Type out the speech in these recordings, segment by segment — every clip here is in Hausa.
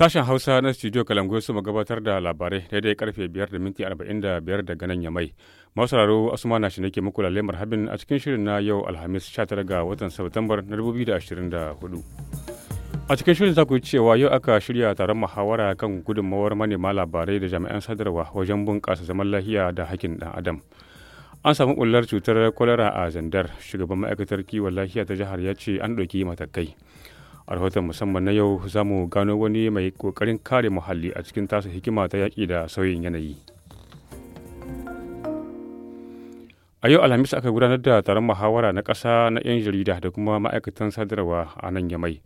Sashen Hausa na Studio kalangu su gabatar da labarai daidai karfe 5 da minti 45 daga nan yamai. Masararo Asuma na shi nake muku lalle marhabin a cikin shirin na yau Alhamis 19 ga watan Satumbar na 2024. A cikin shirin za ku yi cewa yau aka shirya taron muhawara kan gudunmawar manema labarai da jami'an sadarwa wajen bunƙasa zaman lahiya da hakkin ɗan adam. An samu ɓullar cutar kwalara a Zandar, shugaban ma'aikatar kiwon lafiya ta jihar ya ce an ɗauki matakai. a rahoton musamman na yau za mu gano wani mai kokarin kare muhalli a cikin tasa hikima ta yaƙi da sauyin yanayi a yau alhamis aka gudanar da taron muhawara na ƙasa na 'yan jarida da kuma ma'aikatan sadarwa a nan yamai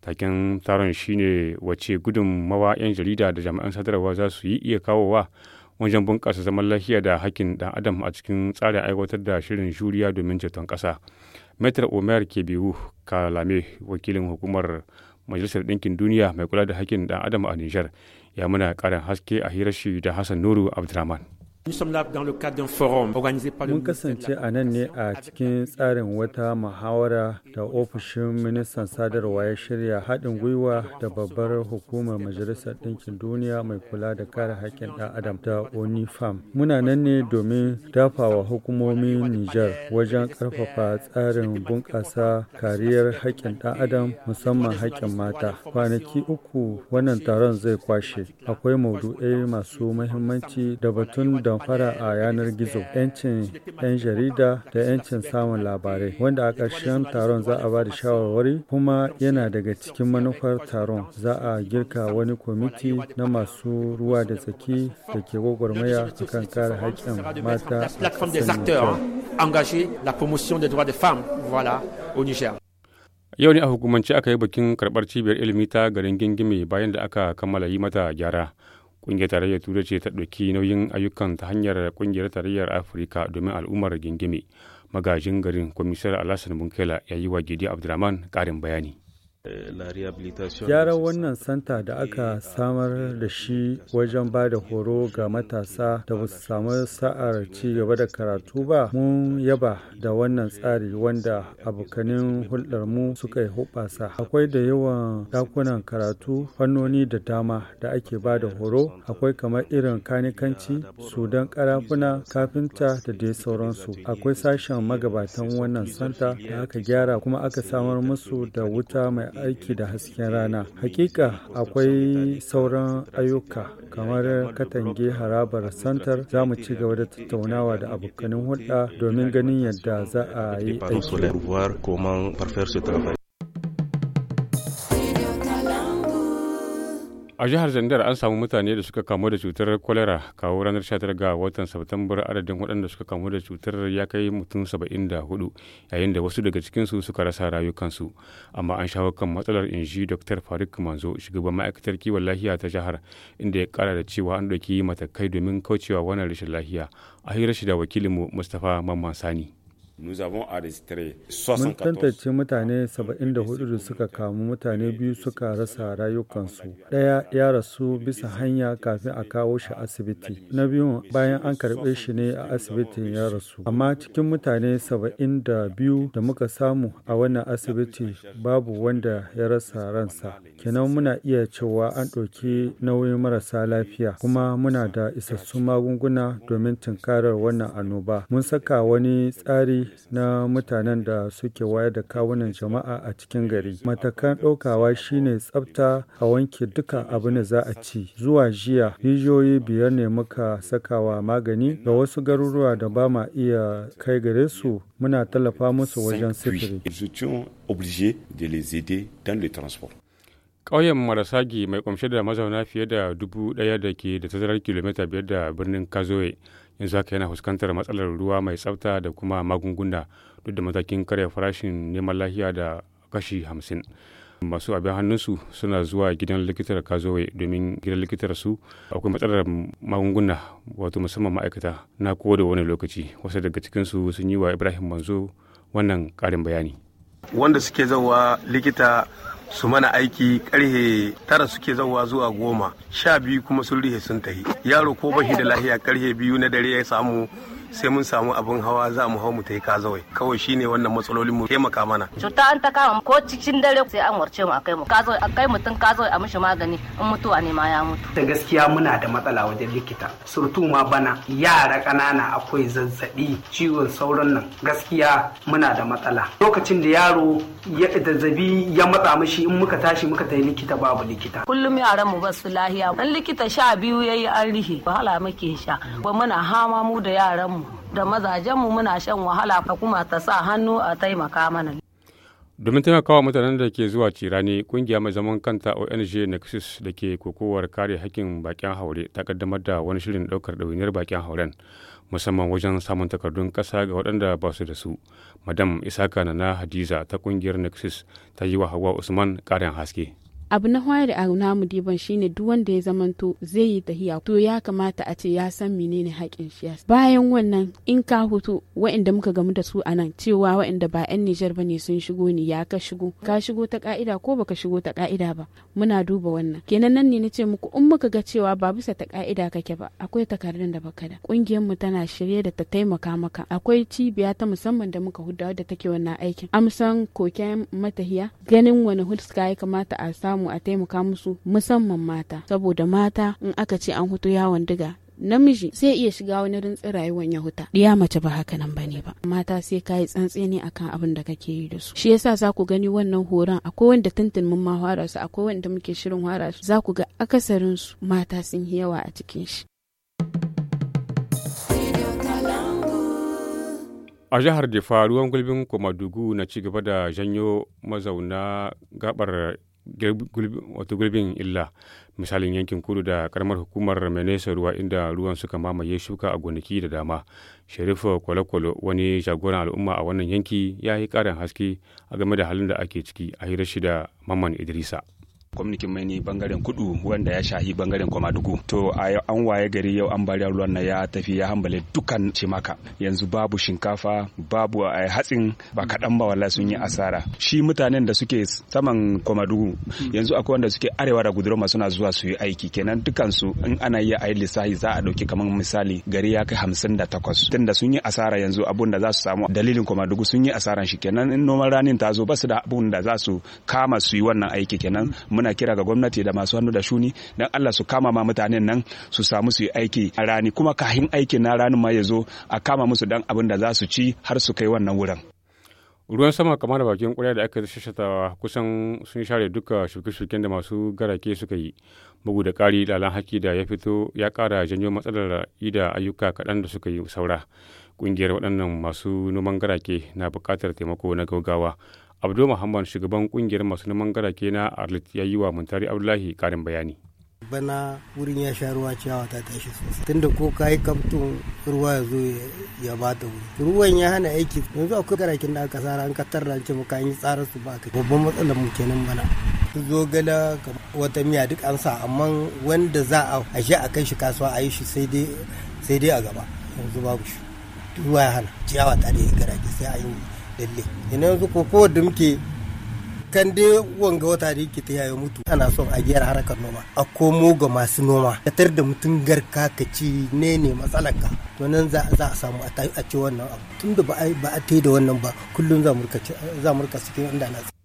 taken taron shine wace gudunmawa 'yan jarida da jami'an sadarwa za su yi iya kawowa wajen bunƙasa zaman lafiya da hakkin ɗan adam a cikin tsarin aiwatar da shirin juriya domin ceton ƙasa metar omer kebiu kalame wakilin hukumar majalisar ɗinkin duniya mai kula da hakkin ɗan adam a nijar ya muna ƙarin haske a hirar shi da hassan nuru abdulrahman Mun kasance a nan ne a cikin tsarin wata muhawara da ofishin ministan sadarwa ya shirya haɗin gwiwa da babbar hukumar majalisar ɗinkin duniya mai kula da kare haƙƙin ɗan adam da onifam. Muna nan ne domin dafawa hukumomin Nijar wajen ƙarfafa tsarin bunƙasa kariyar haƙƙin ɗan adam musamman haƙƙin mata. Kwanaki uku wannan taron zai kwashe. Akwai masu mahimmanci da batun da damfara a yanar gizo 'yancin 'yan jarida da 'yancin samun labarai wanda a ƙarshen taron za a ba da shawarwari kuma yana daga cikin manufar taron za a girka wani kwamiti na masu ruwa da tsaki da ke gwagwarmaya a kan kare haƙƙin mata yau ne a hukumance aka yi bikin karɓar cibiyar ilimi ta garin gingime bayan da aka kammala yi mata gyara Ƙungiyar Tarayyar Turai ce ta ɗauki nauyin ayyukan ta hanyar Ƙungiyar Tarayyar Afirka domin al'ummar gingime. Magajin garin kwamishinar Alassane Bunkela ya yi wa Gidi Abdulrahman ƙarin bayani. Gyara wannan santa da aka euh, samar da shi wajen ba da horo ga matasa da ba su samu sa'ar ci gaba da karatu ba mun yaba da wannan tsari wanda abokanin hulɗarmu suka yi hoɓasa. Akwai da yawan dakunan karatu fannoni da dama da ake ba da horo akwai kamar irin kanikanci, sudan karafuna, kafinta da dai sauransu. Akwai sashen magabatan wannan santa da aka gyara kuma aka samar musu da wuta mai aiki da hasken rana hakika akwai sauran ayyuka kamar katange harabar santar za mu ci gaba da tattaunawa da abokanin hulɗa domin ganin yadda za a yi aiki A jihar Zandar an samu mutane da suka kamu da cutar kwalera kawo ranar 19 ga watan Satumbar adadin waɗanda suka kamu da cutar ya kai mutum 74 yayin da wasu daga cikinsu suka rasa rayukansu. Amma an shawo kan matsalar inji Dr. Faruk Manzo shugaban ma'aikatar kiwon lahiya ta jihar inda ya kara da cewa an ɗauki matakai domin kaucewa wannan rashin lahiya A hira shi da wakilinmu Mustapha Mamman Sani. Mun tantance mutane 74 da suka kamu mutane biyu suka rasa rayukansu. Ɗaya ya rasu bisa hanya kafin a kawo shi asibiti. Na biyu bayan an karɓe shi ne a asibitin ya rasu. Amma cikin mutane 72 da muka samu a wannan asibiti babu wanda ya rasa ransa. Kenan muna iya cewa an ɗauki nauyin marasa lafiya kuma muna da isassun magunguna domin tunkarar wannan annoba. Mun saka wani tsari na mutanen da suke wayar da kawunan jama'a a cikin gari. Matakan ɗaukawa shine tsafta a wanke duka abin da za a ci. Zuwa jiya, rijiyoyi biyar ne muka sakawa magani ga wasu garuruwa da ba ma iya kai gare su muna tallafa musu wajen sifiri. Ƙauyen Marasagi mai kumshe da mazauna fiye da dubu ɗaya da ke da tazarar kilomita biyar da birnin Kazoe yanzu haka yana fuskantar matsalar ruwa mai tsafta da kuma magunguna duk da matakin karya farashin neman lafiya da kashi hamsin masu abin hannunsu suna zuwa gidan likitar kazowe domin gidan likitar su akwai matsalar magunguna wato musamman ma'aikata na da wani lokaci wasu daga cikinsu sun yi wa ibrahim manzo wannan karin bayani wanda suke zawa likita su mana aiki karhe tara suke zauwa zuwa goma sha biyu kuma sun rihe sun tahi yaro ko bashi da lahiya karhe biyu na dare ya samu sai mun samu abin hawa za mu hau mu yi kazawai kawai shine wannan matsalolin mu taimaka mana cuta an ta kama ko cikin dare sai an warce mu akai mu kazawai akai mutum kazawai a mishi magani in mutuwa ne ma ya mutu da gaskiya muna da matsala wajen likita surutu ma bana yara ƙanana akwai zazzabi ciwon sauran nan gaskiya muna da matsala lokacin da yaro zazzabi ya matsa mashi in muka tashi muka tafi likita babu likita kullum yaran mu ba su lahiya dan likita sha biyu yayi an rihe wahala muke sha ba muna hama mu da yaran mu da mazajen mu muna shan wahala kuma ta sa hannu a taimaka mana domin taimakawa mutanen da ke zuwa cirani kungiya mai zaman kanta ong nexus da ke kokowar kare hakkin bakin haure ta kaddamar da wani shirin daukar ɗawainiyar bakin hauren musamman wajen samun takardun ƙasa ga waɗanda ba su da su. Madam Isaka na Hadiza ta ƙungiyar Nexus ta yi wa Hawa Usman ƙarin haske. abu na hoya da a namu diban shine duk wanda ya zamanto zai yi tahiya to ya kamata a ce ya san menene haƙin shi bayan wannan in ka hutu wa'inda muka gamu da su a nan cewa wa'inda ba 'yan Nijar ba ne sun shigo ne ya ka shigo ka shigo ta ka'ida ko baka shigo ta ka'ida ba muna duba wannan kenan nan ne na ce muku in muka ga cewa ba bisa ta ka'ida kake ba akwai takardun da baka da kungiyar mu tana shirye da ta taimaka maka akwai cibiya ta musamman da muka hudawa da take wannan aikin amsan koken matahiya ganin wani hulska ya kamata a samu samu a taimaka musu musamman mata saboda mata in aka ce an hutu yawon diga namiji sai iya shiga wani rintsin rayuwar ya huta diya mace ba haka nan bane ba mata sai kayi ne akan abin da kake yi da su shi yasa za ku gani wannan horon akwai wanda tuntun mun ma fara su akwai wanda muke shirin fara su za ku ga akasarin su mata sun yi yawa a cikin shi a jihar difa ruwan gulbin komadugu na ci gaba da janyo mazauna gabar wato gurbin illa misalin yankin kudu da karamar hukumar menesa ruwa inda ruwan suka mamaye shuka a gonaki da dama sharifa kwalekwale wani jagoran al'umma a wannan yanki ya yi karin haske a game da halin da ake ciki a hirar shida mamman idrisa kwamnikin mai ne bangaren kudu wanda ya shahi bangaren kwamadugu to a an waye gari yau an bari ruwan na ya tafi ya hambale dukan cimaka yanzu babu shinkafa babu eh, hatsin ba kaɗan ba wallahi sun yi asara shi mutanen da suke saman kwamadugu yanzu akwai wanda suke arewa da gudurma suna zuwa su yi aiki kenan dukansu in ana a yi lissafi za a dauki kamar misali gari ya kai hamsin da takwas tunda sun yi asara yanzu abun da za su samu dalilin kwamadugu sun yi asaran shi kenan in noman ranin ta zo ba su da abun da za su kama su yi wannan aiki kenan muna muna kira ga gwamnati da masu hannu da shuni dan Allah su kama ma mutanen nan su samu su yi aiki a rani kuma kahin aikin na ranin ma ya zo a kama musu dan abin da za su ci har su kai wannan wurin. ruwan sama kamar bakin ƙwarya da aka shashatawa kusan sun share duka shuke-shuken da masu garake suka yi bugu da ƙari lalan haki da ya fito ya ƙara janyo matsalar ida ayyuka kaɗan da suka yi saura ƙungiyar waɗannan masu noman garake na buƙatar taimako na gaugawa Abdul Muhammad shugaban kungiyar masu neman garake na Arlit ya yi wa Muntari Abdullahi karin bayani. bana wurin ya sha ruwa ciyawa ta tashi sosai tunda ko kayi kamtun ruwa ya zo ya bata wuri ruwan ya hana aiki yanzu akwai karakin da aka sara an ka tarra ce muka yi tsara su ba ka babban matsalar mu kenan bana su zo gala wata miya duk an sa amma wanda za a ashe a kai shi kasuwa a yi shi sai dai a gaba yanzu babu shi ruwa ya hana ciyawa ta da garage sai a yi dalle ina yanzu koko da muke kan dai wanga wata da yake ta mutu ana son a gyara harkar noma a komo ga masu noma tar da mutum garka ka ci ne ne matsalarka to nan za a samu a ci wannan abu tun da ba a da wannan ba kullum za mu rika cikin inda na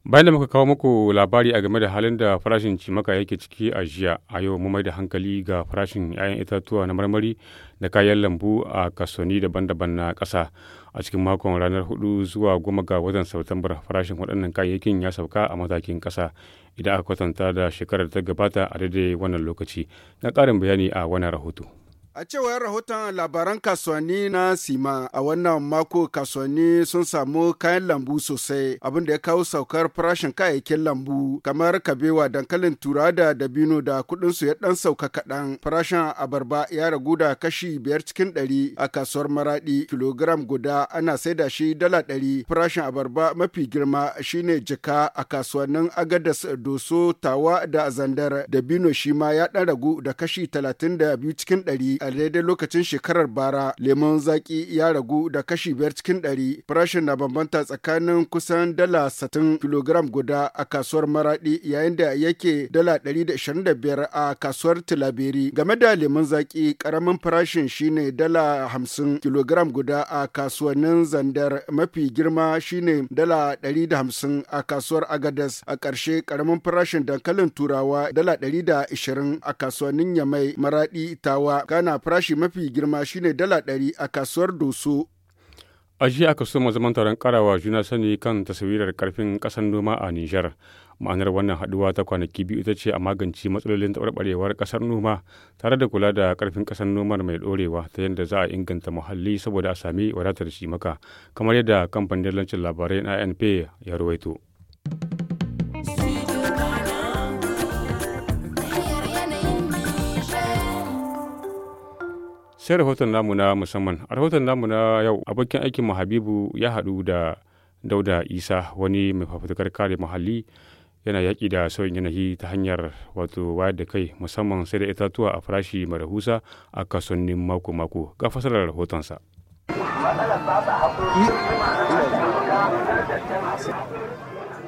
Bayan da muka kawo muku labari a game da halin da farashin cimaka yake ciki a jiya, a yau mu mai da hankali ga farashin 'ya'yan itatuwa na marmari da kayan lambu a kasoni daban-daban na ƙasa. A cikin makon ranar 4 zuwa 10 ga watan Satumbar farashin waɗannan kayayyakin ya sauka a matakin ƙasa idan aka kwatanta da shekarar ta gabata a daidai wannan lokaci. Na ƙarin bayani a wannan rahoto. A cewar rahoton labaran kasuwanni na Sima a wannan mako kasuwanni sun samu kayan lambu sosai abin da ya kawo saukar farashin kayayyakin lambu kamar kabewa dankalin tura da dabino da kudin su ya dan sauka kaɗan farashin abarba ya ragu da kashi biyar cikin ɗari a kasuwar maradi kilogram guda ana saida shi dala ɗari farashin abarba mafi girma shine jika a kasuwannin agadas doso tawa da zandar dabino shi ma ya dan ragu da kashi talatin da biyu cikin ɗari a daidai lokacin shekarar bara lemon zaki ya ragu da kashi biyar cikin ɗari farashin na bambanta tsakanin kusan dala satin kilogram guda a kasuwar maradi yayin da yake dala ɗari da ishirin da biyar a kasuwar tilaberi game da lemon zaki karamin farashin shine dala hamsin kilogram guda a kasuwannin zandar mafi girma shine dala ɗari da hamsin a kasuwar agadas a ƙarshe karamin farashin dankalin turawa dala ɗari da ishirin a kasuwannin yamai Maraɗi tawa kana ana farashi mafi girma shine dala ɗari a kasuwar Doso. A jiya aka soma zaman taron karawa juna sani kan taswirar karfin kasan noma a Nijar. Ma'anar wannan haduwa ta kwanaki biyu ita ce a magance matsalolin taɓarɓarewar ƙasar noma tare da kula da karfin kasar nomar mai ɗorewa ta yadda za a inganta muhalli saboda a sami wadatar shi maka kamar yadda kamfanin dalancin labarai na ANP ya rawaito. sai rahoton namu na musamman a rahoton namu na yau abokin aikin mu habibu ya haɗu da dauda isa wani mai fafutukar kare muhalli yana yaƙi da sauyin yanayi ta hanyar wato wayar da kai musamman sai da itatuwa a farashi marahusa husa a kasonin mako-mako ga fasarar rahotonsa.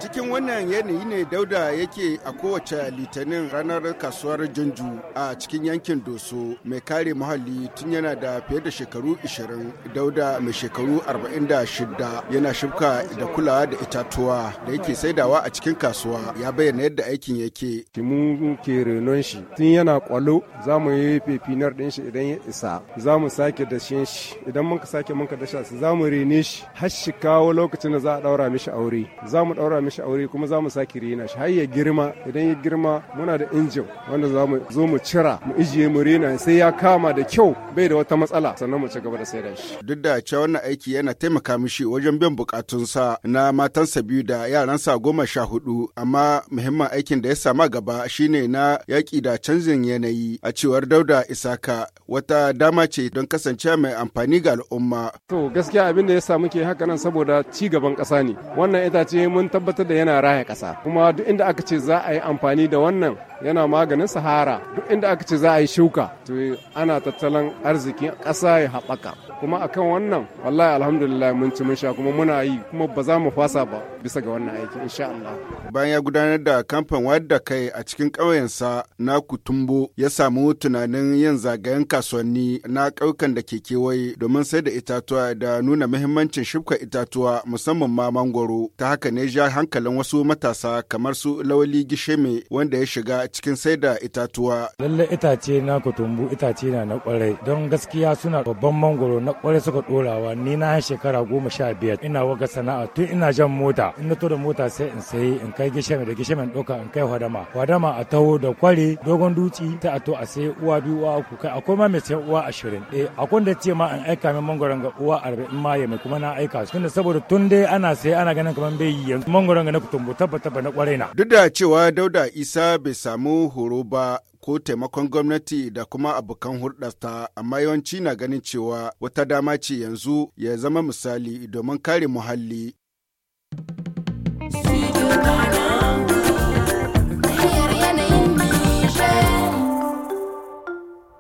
cikin wannan yanayi ne dauda yake a kowace litinin ranar kasuwar junju a cikin yankin doso mai kare muhalli tun yana da fiye da shekaru 20 dauda mai shekaru 46 yana shibka da kulawa da itatuwa da yake saidawa a cikin kasuwa ya bayyana yadda aikin yake mu ke renon shi tun yana kwalo za mu yi fefinar din shi idan ya isa za mu sake dashen shi idan muka sake muka dasha su za mu rene shi har shi kawo lokacin da za a daura mishi aure za mu daura mishi mishi aure kuma za mu sake rena shi har ya girma idan ya girma muna da injin wanda za mu zo mu cira mu ijiye mu rena sai ya kama da kyau bai da wata matsala sannan mu ci gaba da saida shi duk da cewa wannan aiki yana taimaka mishi wajen biyan bukatunsa na matansa biyu da yaransa goma sha hudu amma muhimman aikin da ya sama gaba shine na yaki da canjin yanayi a cewar dauda isaka wata dama ce don kasancewa mai amfani ga al'umma to gaskiya abin da ya samu ke haka nan saboda ci gaban ƙasa ne wannan itace mun tabbatar tabbatar da yana raya ƙasa kuma duk inda aka ce za a yi amfani da wannan yana maganin sahara duk inda aka ce za a yi shuka to ana tattalin arzikin ƙasa ya haɓaka kuma akan wannan wallahi alhamdulillah mun ci mun sha kuma muna yi kuma ba za mu fasa ba bisa ga wannan aiki insha Allah bayan ya gudanar da kamfan wadda kai a cikin sa na Kutumbo ya samu tunanin yin zagayen kasuwanni na ƙauyukan da ke kewaye domin sai da itatuwa da nuna muhimmancin shibka itatuwa musamman ma mangoro ta haka ne ja hankalin wasu matasa kamar su Lawali Gisheme wanda ya shiga cikin sai da itatuwa. Lalle itace na kutumbu itace na na kwarai don gaskiya suna babban mangoro na kwarai suka dorawa ni na shekara goma sha biyar ina waga sana'a tun ina jan mota in na da mota sai in sayi in kai gishame da gishame ɗauka in kai hadama hadama a taho da kwari dogon duci ta a to a sayi uwa biyu uwa uku kai akwai ma mai sayan uwa ashirin eh akwai da ce ma in aika min mangoron ga uwa arba'in ma ya mai kuma na aika su tunda saboda tun dai ana sayi ana ganin kamar bai yi yanzu mangoron ga na kutumbu tabbata na kwarai na. Duk da cewa Dauda Isa bai samu samu horo ba ko taimakon gwamnati da kuma abokan hulɗarta amma yawanci na ganin cewa wata dama ce yanzu ya zama misali domin kare muhalli.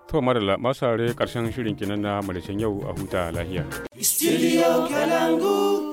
To marala masu karshen shirin kinan na malishin yau a huta lahiya. Studio Kalangu.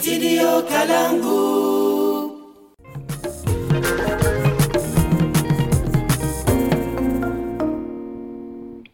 studio Kalangu.